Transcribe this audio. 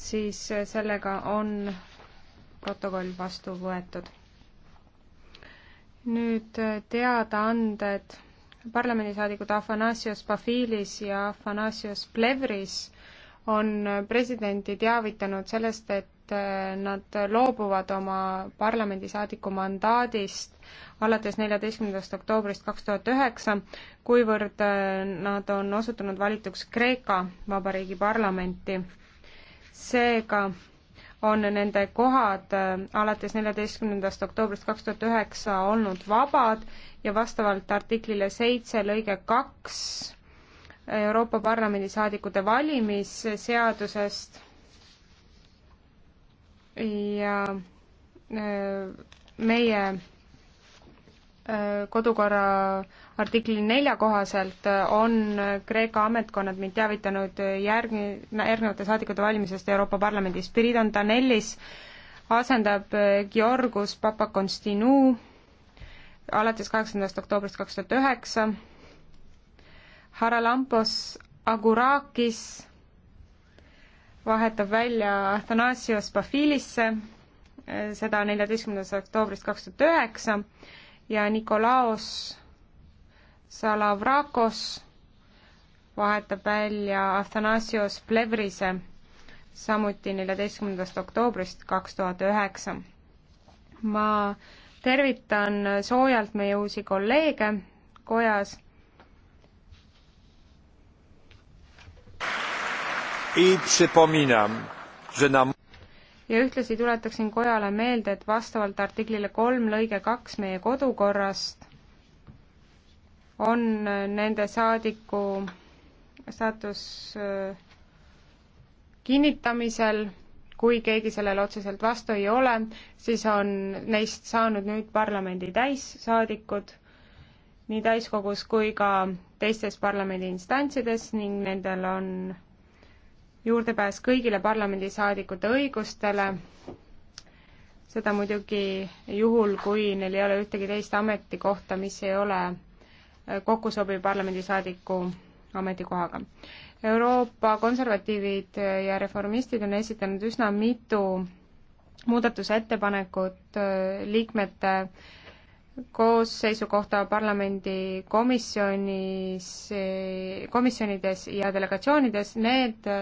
siis äh, sellega on protokoll vastu võetud. nüüd äh, teadaanded parlamendisaadikud Afanasios Pafilis ja Afanasios Plevris on äh, presidenti teavitanud sellest, et nad loobuvad oma parlamendisaadiku mandaadist alates neljateistkümnendast oktoobrist kaks tuhat üheksa, kuivõrd nad on osutunud valituks Kreeka Vabariigi parlamenti seega on nende kohad äh, alates neljateistkümnendast oktoobrist kaks tuhat üheksa olnud vabad ja vastavalt artiklile seitse lõige kaks Euroopa Parlamendi saadikute valimisseadusest ja äh, meie kodukorra artikli nelja kohaselt on Kreeka ametkonnad mind teavitanud järgmi-, järgnevate saadikute valimisest Euroopa Parlamendis. Spiridon Danellis asendab Georgus Papakonstinu alates kaheksandast oktoobrist kaks tuhat üheksa, Haralampos Agurakis vahetab välja Athanasios Pafilisse, seda neljateistkümnendast oktoobrist kaks tuhat üheksa, ja Nikolaos Salavrakos vahetab välja Athanasios Plevrise, samuti neljateistkümnendast oktoobrist kaks tuhat üheksa. ma tervitan soojalt meie uusi kolleege kojas. I przypominam, że na ja ühtlasi tuletaksin kojale meelde, et vastavalt artiklile kolm lõige kaks meie kodukorrast on äh, nende saadiku staatus äh, kinnitamisel, kui keegi sellele otseselt vastu ei ole, siis on neist saanud nüüd parlamendi täissaadikud nii täiskogus kui ka teistes parlamendi instantsides ning nendel on juurdepääs kõigile parlamendisaadikute õigustele, seda muidugi juhul, kui neil ei ole ühtegi teist ametikohta, mis ei ole kokku sobiv parlamendisaadiku ametikohaga. Euroopa konservatiivid ja reformistid on esitanud üsna mitu muudatusettepanekut äh, liikmete koosseisu kohta parlamendi komisjonis, äh, komisjonides ja delegatsioonides, need